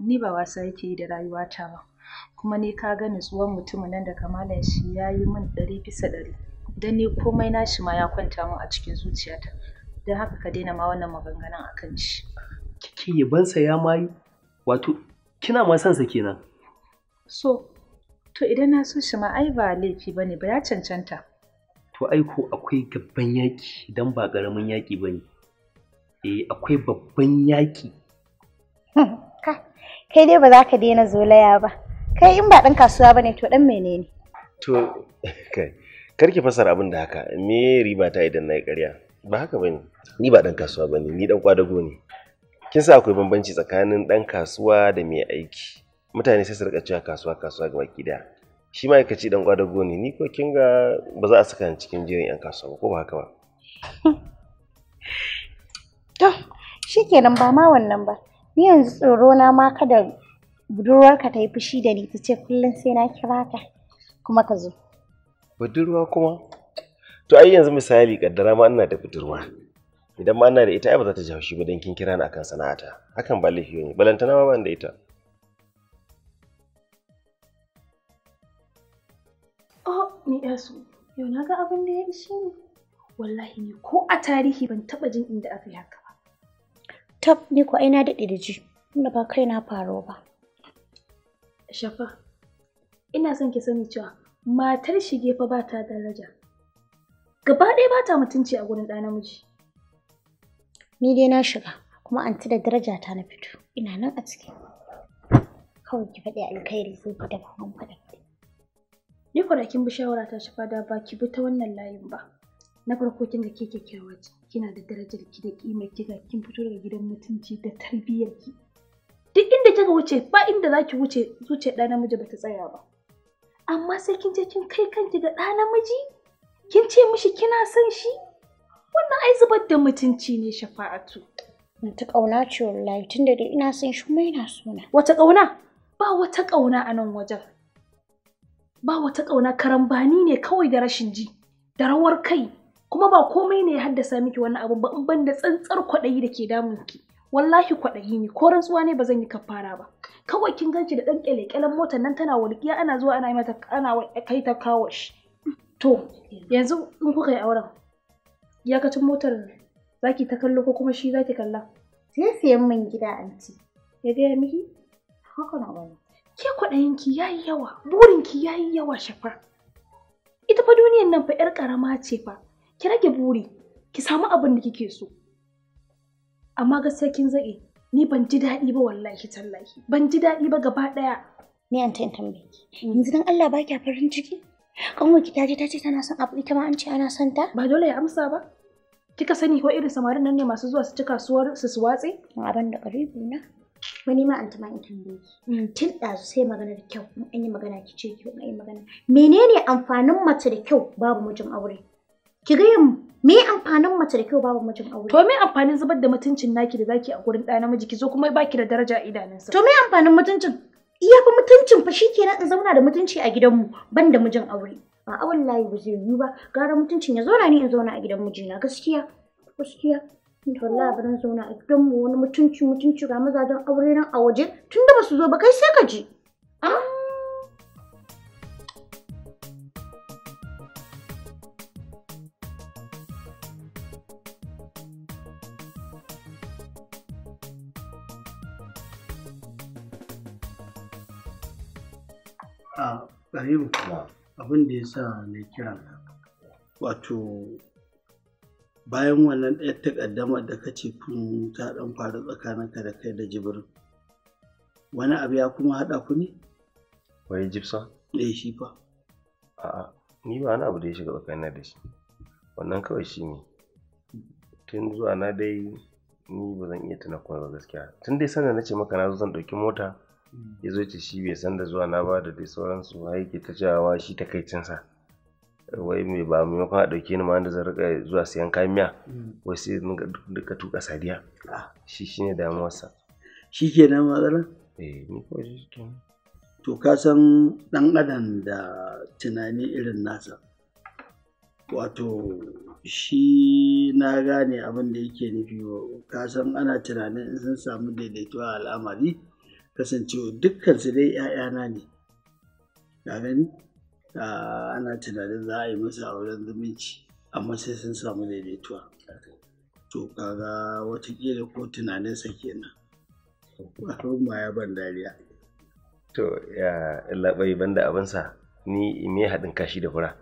ni ba wasa yake yi da rayuwata ba kuma ni ka ga nutsuwar mutumin nan da kamalan shi ya yi min ɗari bisa ɗari don ni komai nashi ma ya kwanta min a cikin zuciyata don haka ka daina ma wannan maganganun a kan shi kike yabansa ya yi wato kina ma sa kenan so to idan na so shi ma ai ba laifi ba ne ba ya cancanta to ai ko akwai gaban yaƙi don ba ƙaramin yaƙi ba ne eh akwai babban yaƙi kai dai ba za ka daina zolaya ba kai in ba ɗan kasuwa ba ne to ɗan menene to kai karki fasara abin da haka me riba ta idan na yi ƙarya ba haka ba ne ni ba ɗan kasuwa ba ne ni ɗan kwadago ne kin sa akwai bambanci tsakanin ɗan kasuwa da mai aiki mutane sai su rika cewa kasuwa kasuwa ga baki daya shi ma'aikaci ɗan kwadago ne ni ko kin ga ba za a saka ni cikin jerin 'yan kasuwa ba ko ba haka ba to shikenan ba ma wannan ba ni yanzu tsoro na ma kada budurwarka ta yi fushi da ni ta ce kullum sai na kira ka kuma ka zo budurwa kuma to ai yanzu misali kaddara ma ina da budurwa idan ma ina da ita ai ba za ta ji haushi ba dan kin kira ni akan sana'ata hakan ba laifi ne balantana ma ban da ita oh ni yasu yau na ga abin da ya ishe ni wallahi ni ko a tarihi ban taba jin inda aka yi haka tab ni ko ai na daɗe da ji tunda ba kai na faro ba shafa ina son ki sani cewa matar shige fa ba ta daraja gaba ɗaya ba ta mutunci a gurin ɗa namiji ni dai na shiga kuma an da daraja ta na fito ina nan a ciki kawai ki faɗi alkhairi sai ki da ban faɗa ni ko da kin bi shawara ta shafa da ba ki bi ta wannan layin ba na farko kin ga ke kyakkyawa ce kina da darajar ki da kimar ki ga kin fito daga gidan mutunci da tarbiyyar ki duk inda kika wuce ba inda zaki wuce zuciyar ɗa namiji bata tsaya ba amma sai kin je kin kai kanki ga ɗa namiji kin ce mishi kina son shi wannan ai zubar da mutunci ne shafa'atu ta ƙauna ce wallahi tunda dai ina son shi kuma ina na wata ƙauna ba wata ƙauna a nan wajen ba wata ƙauna karambani ne kawai da rashin ji da rawar kai kuma ba komai ne ya haddasa miki wannan abun ba in ban da tsantsar kwaɗayi da ke damun ki wallahi kwaɗayi ne ko rantsuwa ne ba zan yi kafara ba kawai kin ganci da ɗan ƙyale-ƙyalen motar nan tana walƙiya ana zuwa ana mata ana kai ta kawo shi to yanzu in kuka yi auren iyakacin motar zaki ta kallo ko kuma shi zaki kalla sai sayan man gida anti ya gaya miki haka na wani ke kwaɗayin ya yi yawa Burin ya yi yawa shafa ita fa duniyan nan fa 'yar ƙarama ce fa ki rage buri ki samu abin da kike so amma gaskiya kin zage ni ban ji daɗi ba wallahi tallahi ban ji daɗi ba gaba ɗaya ni an tayin tambaye mm. yanzu dan Allah ba kya farin ciki kanwa ki taje ta ce tana son abu ita ma an ce ana son ta ba dole ya amsa ba kika sani ko irin samarin nan ne masu zuwa su ci kasuwar su su watse abin da karibu na wani ma an tama in tambaye ki mm, tun ɗazu sai maganar kyau in an yi magana ki ce ki in an yi magana menene amfanin mace da kyau babu mijin aure Ki gaya me amfanin mace da kyau babu mijin aure? To me amfanin zubar da mutuncin naki da zaki a gurin ɗa namiji ki zo kuma baki da daraja a idanunsa. To me amfanin mutuncin? Iya fa mutuncin fa shikenan in zauna da mutunci a gidanmu ban da mijin aure. A'a wallahi ba zai yiwu ba gara mutuncin ya zauna ni in zauna a gidan mijina gaskiya gaskiya. Allah ba zan zauna a gidanmu wani mutunci mutunci ga mazajen aure nan a waje tunda ba su zo ba kai sai ka je. Ah. a ƙaribu abin da ya sa na kira wato bayan wannan ɗaya takaddama da ka ce kun ta ɗan faru tsakaninka da kai da jibirin. wani abu ya kuma haɗa ku ne? wai jibsa? eh shi fa a'a ni ba wani abu da ya shiga tsakanina da shi wannan kawai shi ne tun zuwa na dai ni ba zan iya tuna kuma ba gaskiya tun dai sanda na ce maka na zo zan ɗauki mota ya zo ce shi bai san da zuwa na ba da dai sauransu har yake ta cewa shi takaicinsa wai mai ba maimakon a ɗauke ni ma da zan rika zuwa sayan kayan miya hmm. wai sai duka tuka sadiya ah. shi shine damuwarsa shi ke nan matsala eh ni ko shi ke to ka san ɗan adam da tunani irin nasa wato shi na gane abin da yake nufi ka san ana tunanin in sun samu daidaituwa al'amari kasancewa dukkan su dai 'ya'yana ne ka gani ana tunanin za a yi masa auren zumunci amma sai sun samu daidaituwa to kaga watakila ko tunaninsa kenan abin ma ya ban dariya to ya labai banda abinsa ni me haɗin kashi da fura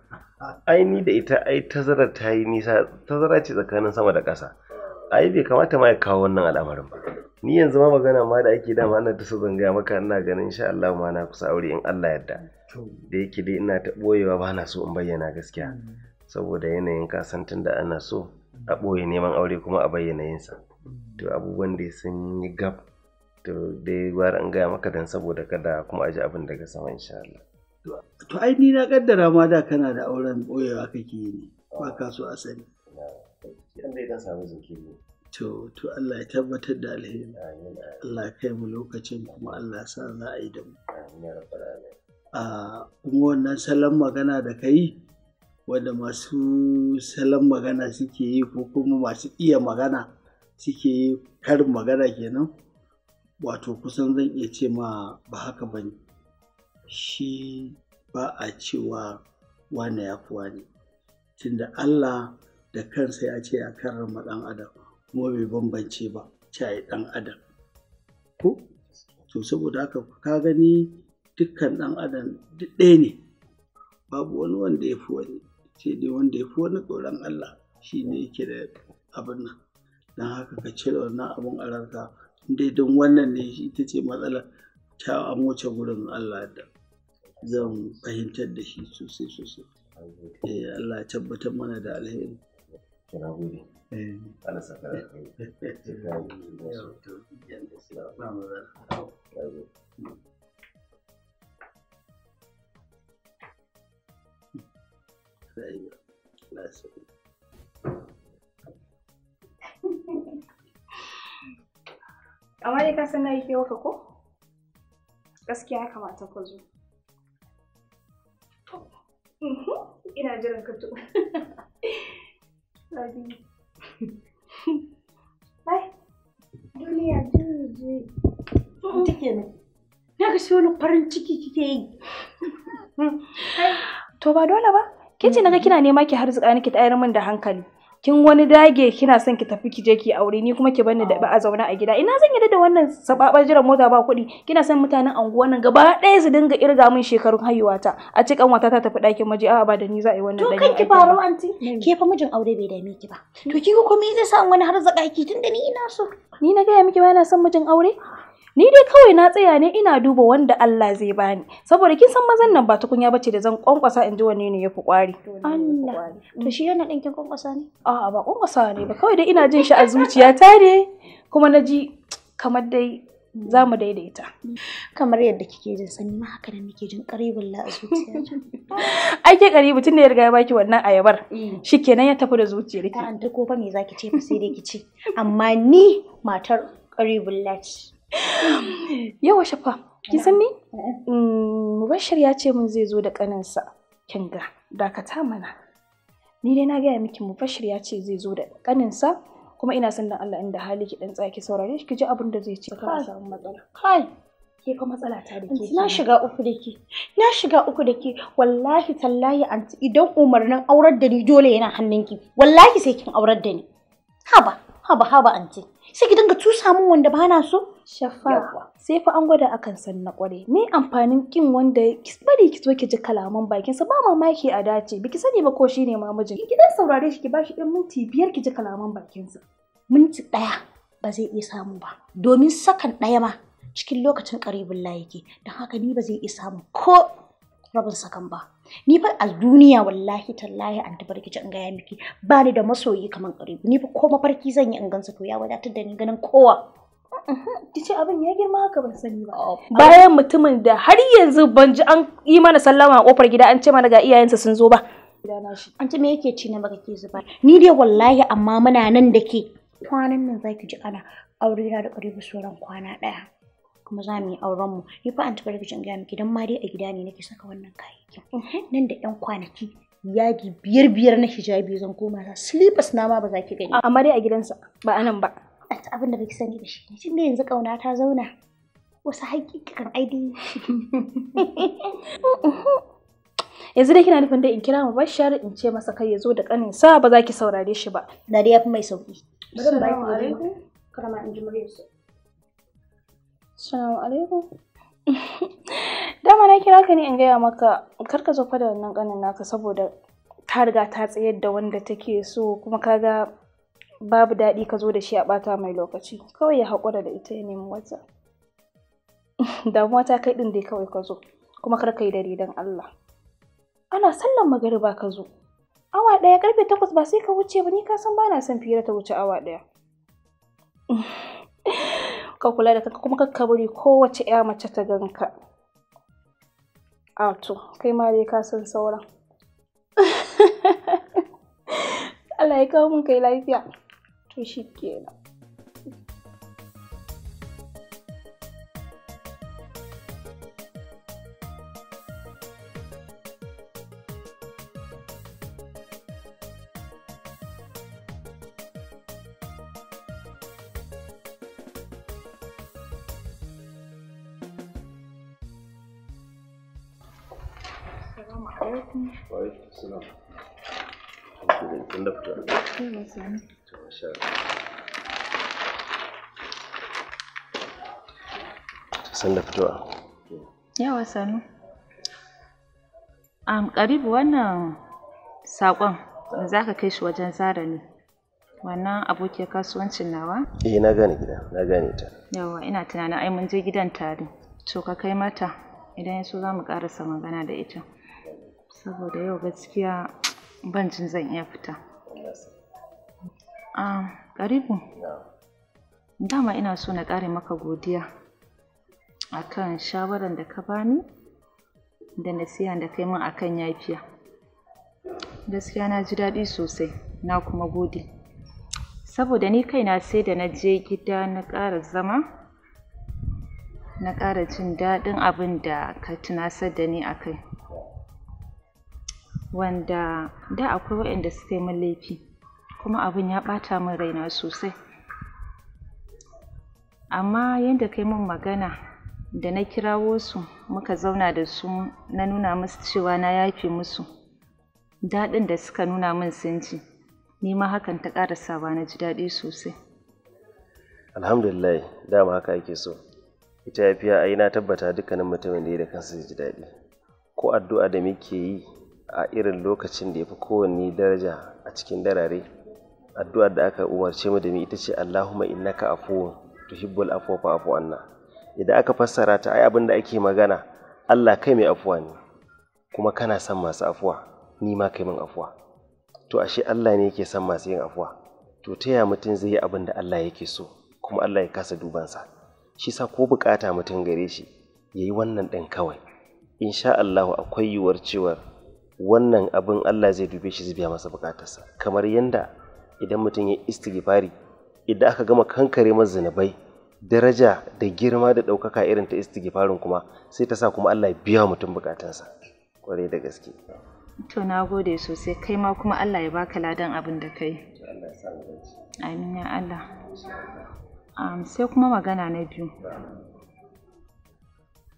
ah. ai ni da ita ai tazara ta yi nisa tazara ce tsakanin sama da ƙasa ai bai kamata ma ya kawo wannan al'amarin ba ni yanzu ma magana ma da ake dama ana ta so zan gaya maka ina ganin insha Allah ma na kusa aure in Allah yarda da yake dai ina ta boyewa ba na so in bayyana gaskiya mm. saboda yanayin tun da ana so mm. a boye neman aure kuma a bayyana yinsa mm. to abubuwan da sun yi gab to dai gwara in gaya maka dan saboda kada kuma aji abin daga sama insha Allah to ai ni na kaddara ma da kana da auren boyewa kake yi ba ka so a sani to to Allah ya tabbatar da alheri Allah ya kai mu lokacin kuma Allah ya sa za a yi da mu a kuma wannan salon magana da ka yi wanda masu salon magana suke yi ko kuma masu iya magana suke yi karin magana kenan wato kusan zan iya ce ma ba haka ba ne shi ba a cewa wane ya fi wane tunda Allah da kansa ya ce ya karrama ɗan adam kuma bai bambance ba ya ɗan adam ko to saboda haka ka gani dukkan ɗan adam duk ɗaya ne babu wani wanda ya fi wani sai dai wanda ya fi wani tsoron Allah shi ne yake da abin nan don haka ka cire wannan abin a ranka dai don wannan ne shi ta ce matsalar ta a wuce gurin Allah da zan fahimtar da shi sosai sosai eh, Allah ya tabbatar mana da alheri kira gode eh. ana saka da kai ce ka yi da su amma dai ka san na yi kewa ko gaskiya ya kamata ka zo mhm, ina jiran ka to Duniya juyi juyi. ga sai wani farin ciki kike yi. To ba dole ba. Kin ce naga kina nema ki harzuka niki tayar min da hankali. kin wani dage kina son ki tafi kije je ki aure ni kuma ki bani da ba a zauna a gida ina zan yi da wannan sababar jiran mota ba kuɗi kina son mutanen anguwan nan gaba ɗaya su dinga irga min shekarun haihuwata a cikin wata ta tafi ɗakin maji a ba da ni za a yi wannan to kan ki faru anti mm. ke fa mijin aure bai dame ki ba to mm. ki ko me zai sa wani har zaka ki tunda ni ina so ni na ga miki ba yana son mijin aure ni dai kawai na tsaya ne ina duba wanda Allah zai bani saboda kin san mazan nan ba tukunya bace da zan kwankwasa in ji wani ne yafi kwari Allah to mm. shi yana din kin kwankwasa ne a'a ba kwankwasa ne ba kawai dai ina jin shi a ta ne kuma na ji kamar dai za mu daidaita. Kamar yadda kike jin sani ma haka nan nake jin karibin la a zuciya Ai ke karibu tun da ya riga ya baki wannan ayabar. Mm. Shikenan ya tafi da zuciyarki. Ta an ko fa me zaki ce fa sai dai ki ce. Amma ni matar karibin la ce. Yawa shafa, ki san me? Mubashir mm, ya ce mun zai zo da kaninsa. Kin ga, dakata mana. Ni dai na gaya miki Mubashir ya ce zai zo da kaninsa kuma ina son dan Allah inda hali ki dan tsaki saurare shi ki ji abin da zai ce ka samu matsala. Kai, ke kuma matsala ta da ke. Na shiga uku da ke. Na shiga uku da ke. Wallahi tallahi anti idan umarnin aurar da ni dole yana hannunki. Wallahi sai kin aurar da ni. Haba, haba, haba anti. sai ki dinga tusa min wanda ba na so shafa sai fa an gwada akan san na kware me amfanin kin wanda ki bari ki ki ji kalaman bakin sa ba mamaki a dace biki sani ba ko shine mamajin ki dan saurare shi ki bashi dan minti biyar ki ji kalaman bakin sa minti daya ba zai iya samu ba domin sakan daya ma cikin lokacin karibin ke, don haka ni ba zai iya samu ko rabin sakan ba ni fa a duniya wallahi tallahi an tabarkici in gaya miki ba ni da masoyi kaman kare ni fa ko mafarki zan yi in gansa to ya wadatar da ni ganin kowa mm-hmm. ce abin ya girma haka ban sani ba. Oh. Bayan mutumin da har yanzu ban ji an yi mana sallama a kofar gida an ce mana ga iyayensa sun zo ba. An ce me yake ci na baka ke zuba. Ni dai wallahi amma muna nan da ke kwanan nan zaki ji ana aure da karibu sauran kwana ɗaya. kuma za mu yi auren mu ni fa an tabbatar da gaya miki don ma dai a gida ne nake saka wannan kayayyakin nan da yan kwanaki yagi biyar biyar na hijabi zan koma sa slippers na ma ba za ki gani amma dai a gidansa ba anan ba abin da baki sani da shi ne da yanzu kauna ta zauna wasu hakikan aidi yanzu dai kina nufin dai in kira mu bashar in ce masa kai ya zo da kanin sa ba za ki saurare shi ba na dai yafi mai sauki assalamu alaikum karama in ji Assalamu alaikum. Dama na kira ka ne in gaya maka kar ka zofa da wannan ƙanin naka saboda ta riga ta tsayar da wanda take so kuma ka ga babu daɗi ka zo da shi a ɓata mai lokaci kawai ya haƙura da ita ya nemi wata. Damuwa ta kai ɗin dai kawai ka zo kuma kar ka yi dare don Allah. Ana sallan ba ka zo. awa ɗaya ƙarfe takwas ba sai ka wuce ba ni ka san bana son fira ta wuce awa ɗaya ka kula da kanka kuma ka bari kowace ya mace ta ganka a to kai ma dai ka san sauran Allah ya kawo mun kai lafiya to shi kenan Assalamu alaikum. fitowa. Yawa sanu. Um, karibu wannan saƙon za ka kai shi wajen zara ne. Wannan abokiyar kasuwancin nawa? Eh na gane gida, na gane ta. Yawa ina tunanin ai mun je gidan tare. To ka kai mata idan ya so za mu ƙarasa magana da ita. saboda yau gaskiya ban jin zan iya fita a ah, karibu dama ina so na ƙare maka godiya akan shawarar da ka bani da nasiha da kai min akan yafiya gaskiya na ji daɗi sosai na kuma gode saboda ni kaina sai da na je gida na ƙara zama na ƙara jin daɗin abin da ka tunasar da ni a kai wanda da akwai waɗanda suka yi min laifi kuma abin ya ɓata min raina sosai amma yadda kai min magana da na kirawo su muka zauna da su na nuna musu cewa na yafe musu daɗin da suka nuna min sun ji ni hakan ta ƙara sawa na ji daɗi sosai alhamdulillah dama haka ake so ita yafiya ai na tabbata dukkanin mutumin da ya da kansa ji daɗi ko addu'a da muke yi a irin lokacin da ya fi kowanne daraja a cikin darare addu'ar da aka umarce mu da mu ita ce Allahumma innaka afuwun tuhibbul afwa afu anna idan aka fassara ta ai abin da ake magana Allah kai mai afuwa ne kuma kana son masu afuwa ni ma kai min afuwa to ashe Allah ne yake son masu yin afuwa to ta ya mutum zai yi abin da Allah yake so kuma Allah ya kasa dubansa shi sa ko bukata mutum gare shi yayi wannan ɗin kawai insha Allah akwai yiwuwar cewa wannan abin Allah zai dube shi zai biya masa bukatarsa kamar yadda idan mutum ya istighfari idan aka gama kankare masa zunubai daraja da girma da ɗaukaka irin ta istighfarin kuma sai ta sa kuma Allah ya biya mutum bukatarsa kwarai da gaske to na gode sosai kai ma kuma Allah ya baka ladan abin da kai amin ya Allah sai kuma magana na biyu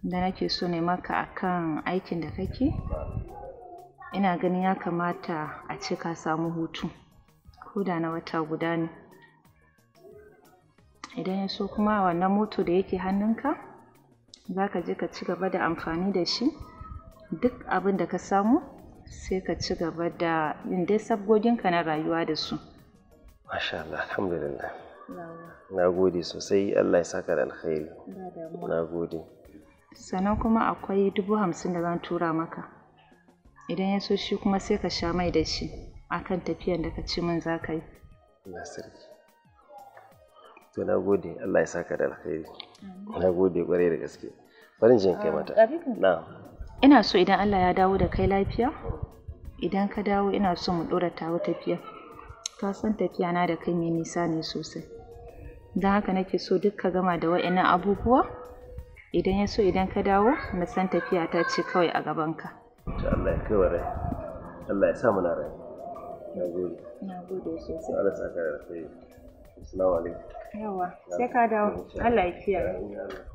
da nake so ne maka akan aikin da kake ina ganin ya kamata a ce ka samu hutu ko da na wata guda ne idan ya so kuma wannan moto da yake hannunka za ka je ka ci gaba da amfani da shi duk abin da ka samu sai ka ci gaba da yin dai sabgoginka na rayuwa da su Masha alhamdulillah. Na gode sosai Allah ya saka da alkhairi. Na gode. Sannan kuma akwai dubu hamsin da zan tura maka. idan ya so shi kuma sai ka sha mai da shi akan tafiyan da ka ci min za ka yi to na gode Allah ya saka da alkhairi na gode kwarai da gaske farin jin kai ah, mata na ina so idan Allah ya dawo da kai lafiya idan ka dawo ina so mu dora tawo tafiya ka san tafiya na da kai mai nisa ne sosai dan haka nake so duk ka gama da wa'annan abubuwa idan ya so idan ka dawo na san tafiya ta ce kawai a gaban ka. ta Allah ya kai Allah ya sa muna rai na gode na gode sosai Allah ka rai assalamu alaikum yawa sai ka dawo Allah ya kiyaye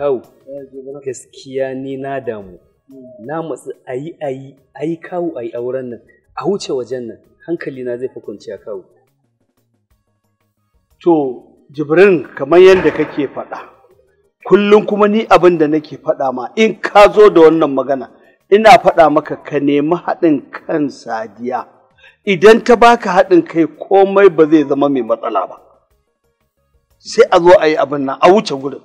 kawu gaskiya ni na damu na a ayi a ayi kawo ayi auren nan a wuce wajen nan hankali na zai fi kwanciya kawo to jibrin kamar yadda kake faɗa kullum kuma ni abin da nake faɗa ma in ka zo da wannan magana ina faɗa maka ka nemi haɗin kan sadiya idan ta baka haɗin kai komai ba zai zama mai matsala ba sai a zo a yi abin nan a wuce gudun.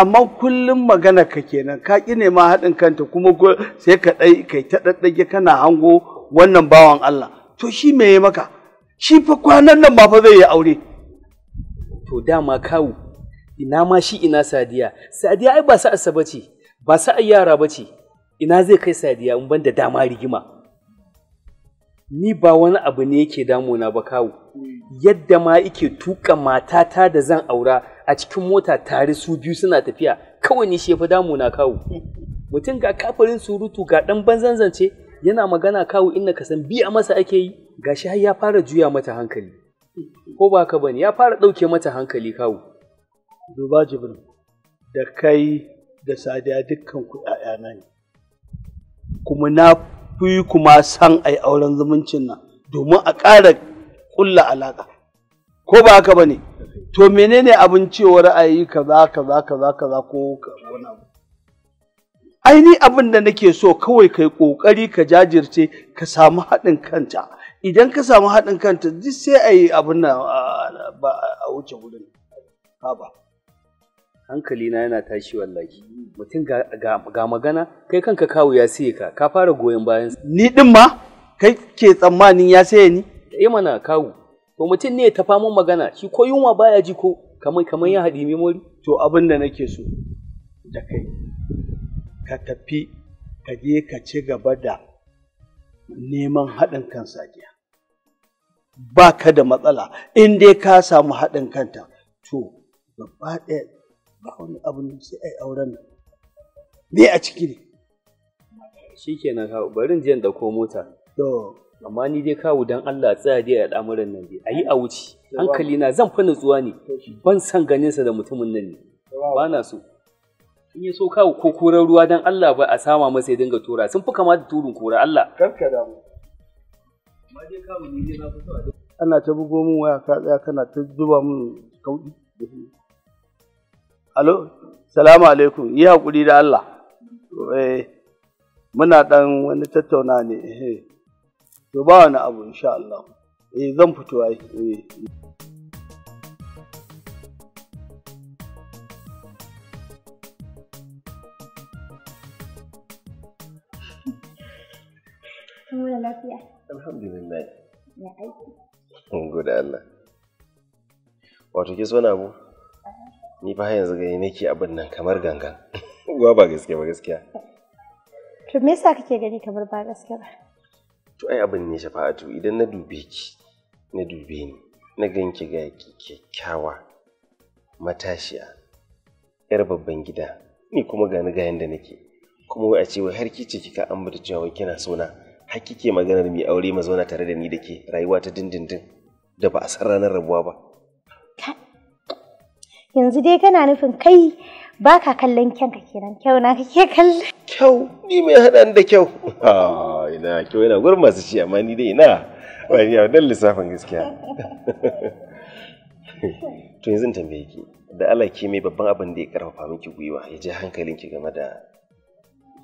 amma kullum magana ka kenan ka ƙi nema haɗin kanta kuma sai ka ɗai kai ta ɗaɗɗage kana hango wannan bawan Allah to shi me ya maka shi fa kwanan nan ma fa zai yi aure to dama kawu ina ma shi ina sadiya sadiya ai ba sa asaba ce ba sa yara ba ce ina zai kai sadiya in ban da dama rigima ni ba wani abu ne yake damuna ba kawo hmm. yadda ma yake tuka matata da zan aura a cikin mota tare su biyu suna tafiya kawai ni shi ya fi damu na kawo mutum ga kafarin surutu ga dan banzan zance yana magana kawo inna ka san biya masa ake yi gashi har ya fara juya mata hankali ko ba ka bane ya fara ɗauke mata hankali kawo duba jibrin da kai da sadiya dukkan ku ƴaƴana ne kuma na fi kuma san ai auren zumuncin nan domin a ƙara ƙulla alaƙa ko ba haka bane to menene abin cewa ra'ayi kaza kaza kaza kaza ko wani abu ni abin da nake so kawai kai kokari ka jajirce ka samu haɗin kanta idan ka samu haɗin kanta duk sai a yi abin ba a wuce gudun haba hankali na yana tashi wallahi mutum ga magana kai kanka kawo ya sai ka ka fara goyon bayan ni din ma kai ke tsammanin ya saye ni eh mana kawo to mutum ne ta faman magana shi ko yunwa baya ji ko kamar kamar ya haɗi memory to abin da nake so da kai ka tafi ka je ka ci gaba da neman haɗin kan sajiya ba ka da matsala in dai ka samu haɗin kanta to gaba ɗaya ba wani abu ne sai ai auren nan Ne a ciki ne shikenan bari barin jiyan da ko mota amma ni dai kawo dan Allah tsaya dai a al'amuran nan dai ayi a wuce hankali na zan fi nutsuwa ne ban san ganin sa da mutumin nan ne ba na so in ya so kawo ko koran ruwa dan Allah ba a sama masa ya dinga tura sun fi kama da turun kora Allah karka da mu amma dai kawo ni dai na fi so ana ta bugo min waya ka tsaya kana ta zuba min kaudi alo salamu alaikum yi hakuri da Allah eh muna dan wani tattauna ne eh to ba wani abu insha Allah eh zan fito ai eh Allah. Wato ke so abu? Ni fa yanzu gani nake abin nan kamar gangan. Gwa ba gaskiya ba gaskiya. To me yasa kake gani kamar ba gaskiya ba? to ai abin ne shafa'atu idan na dube ki na dube ni na ganki ga kyakkyawa matashiya yar babban gida ni kuma ga ni ga yanda nake kuma wai a ce wai har kice kika ambata cewa kina sona har kike maganar mai aure ma zauna tare da ni da ke rayuwa ta dindindin da ba a san ranar rabuwa ba yanzu dai kana nufin kai baka kallon kyanka kenan kyau na kake kallon kyau ni mai haɗa da kyau ah. ina kyau yana gurin masu ci amma ni dai ina ba ni dan lissafin gaskiya to yanzu tambaye ki da Allah ke mai babban abin da ya karfafa miki gwiwa ya ji hankalinki game da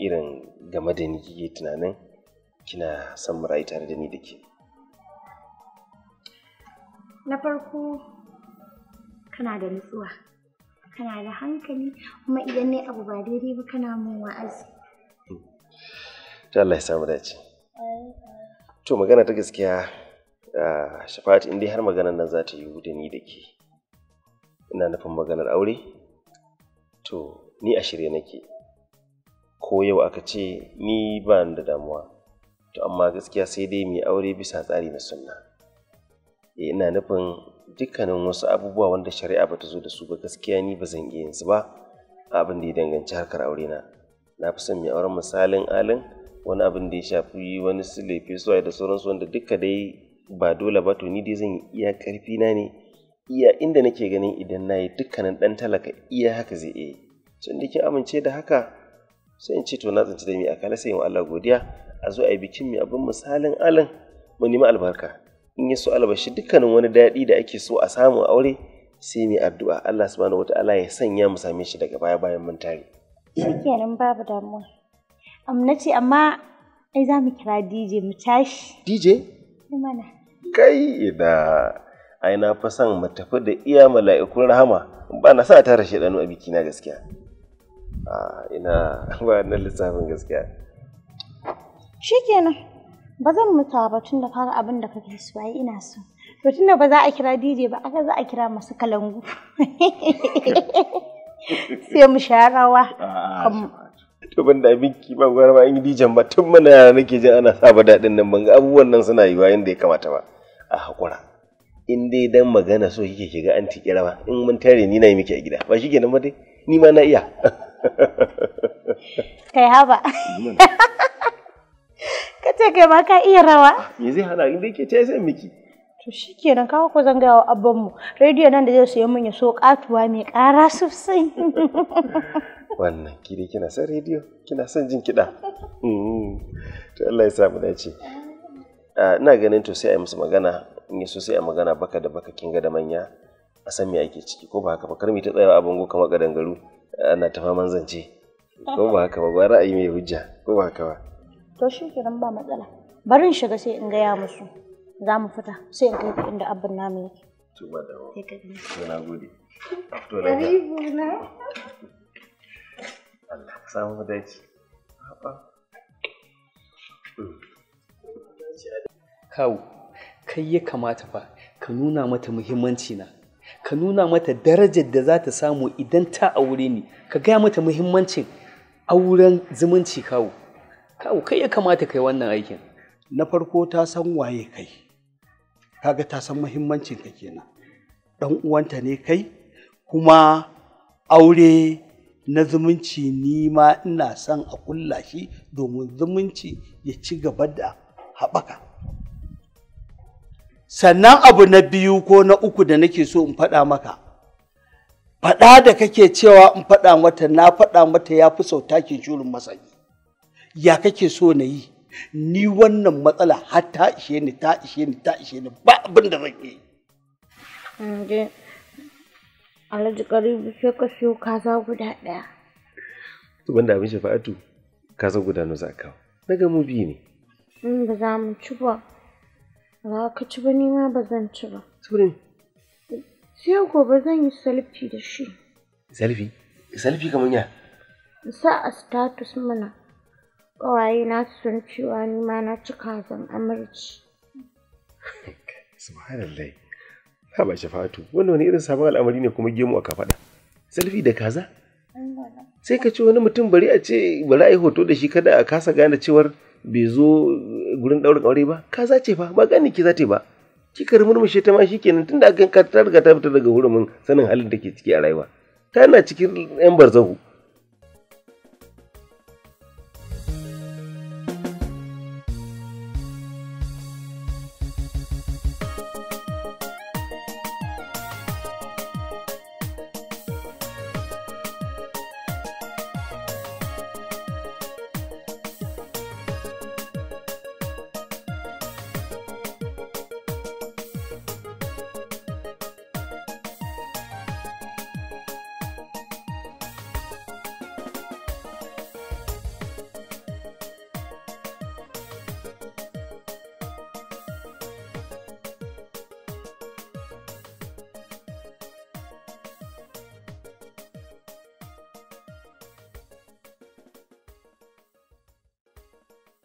irin game da ni kike tunanin kina son mu rayu tare da ni da ke na farko kana da nutsuwa kana da hankali kuma idan ne abu ba daidai ba kana mun wa'azi hmm. ta Allah ya samu dace to magana ta gaskiya shafa'at in dai har maganar nan za ta yi da ni da ke ina nufin maganar aure to ni a shirye nake ko yau aka ce ni ba da damuwa to amma gaskiya sai dai mai aure bisa tsari na sunna e ina nufin dukkanin wasu abubuwa wanda shari'a bata zo da su ba gaskiya ni ba zan iya yin su ba abin da ya danganci harkar aure na na fi son mai auren misalin alin wani abin da ya shafi wani su lefe da sauransu wanda duka dai ba dole ba to ni dai zan yi iya karfi na ne iya inda nake ganin idan na yi dukkanin dan talaka iya haka zai iya sun inda kin amince da haka sai in ce to na tsinci da a kala sai in Allah godiya a zo a yi bikin mi abin misalin alin mu nemi albarka in ya so albashi dukkanin wani daɗi da ake so a samu aure sai mai addu'a Allah subhanahu wataala ya sanya mu same shi daga baya bayan mun tare shikenan babu damuwa na ce amma ai za mu kira DJ mu tashi. DJ? Mana. Kai da ai na fa son mu tafi da iya mala'ikun rahama ba na sa tara shaidanu a na gaskiya. A ina ba na lissafin gaskiya. Shikenan. Ba zan mutu ba tun da fara abin da kake so ai ina so. To tun da ba za a kira DJ ba aka za a kira masu kalangu. Sai mu sha rawa. to ban da abin kiba gwara ma in dijan ba tun mana yara nake jin ana saba daɗin nan ban ga abubuwan nan suna yiwa yanda ya kamata ba a hakura in dai dan magana so kike kiga an kira ba in mun tare ni na yi miki a gida ba shikenan ba dai ni ma na iya kai haba ka ce kai ma ka iya rawa ah, me zai hana in dai ke ce sai miki to shikenan kawo ko zan gaya wa abban mu rediyo nan da zai siya mun ya so katuwa mai ƙara sosai wannan kiri, kina son rediyo kina son jin kiɗa mm-hmm. to Allah ya sa mu dace ah, ina ganin to sai a yi musu magana in yi so sai a magana baka da baka kinga da manya a san me ake ciki ko ba haka ba kar mu ta tsayawa a bango kamar kadangaru ana ta faman zance ko ba haka ba ra'ayi mai hujja ko ba haka ba to shikenan ba matsala barin shiga sai in gaya musu za mu fita sai in kai kuɗin inda abin namu yake to da to na gode to na ribu na Allah ka samu dace Kawu, kai ya kamata fa ka nuna mata muhimmanci na ka nuna mata darajar da za ta samu idan ta aure ni ka gaya mata muhimmancin auren zumunci kawo kawo kai ya kamata kai wannan aikin na farko ta san waye kai kaga ta san muhimmancin ka kenan dan uwanta ne kai kuma aure na zumunci ni ma ina son a kulla shi domin zumunci ya ci gaba da haɓaka sannan abu na biyu ko na uku da nake so in faɗa maka faɗa da kake cewa in faɗa mata na faɗa mata ya fi sau takin shurin ya kake so na yi ni wannan matsala har ta ishe ni ta ishe ni ta ishe ni ba abin da zan yi je alhaji karibu sai ka siyo kaza guda ɗaya wanda abin shafa'atu kaza guda nawa za ka kawo na ga mu biyu ne in ba za mu ci ba Za ka ci ba ni ma ba zan ci ba saboda sai gobe zan yi selfie da shi selfie selfie kamar ya sa a status mana ƙawaye na sun cewa ni ma na ci kazan amurci. Subhanallah. Ba ba fatu, wannan wani irin sabon al'amari ne kuma gemu aka faɗa. Salfi da kaza? Sai ka ce wani mutum bari a ce bari a yi hoto da shi kada a kasa gane cewar bai zo gurin ɗaurin aure ba. Kaza ce fa, ba gani ki za ta ba. Kika murmushe ta ma shi kenan tunda aka ka riga ta fita daga hurumin sanin halin da ke ciki a rayuwa. Tana cikin 'yan barzahu.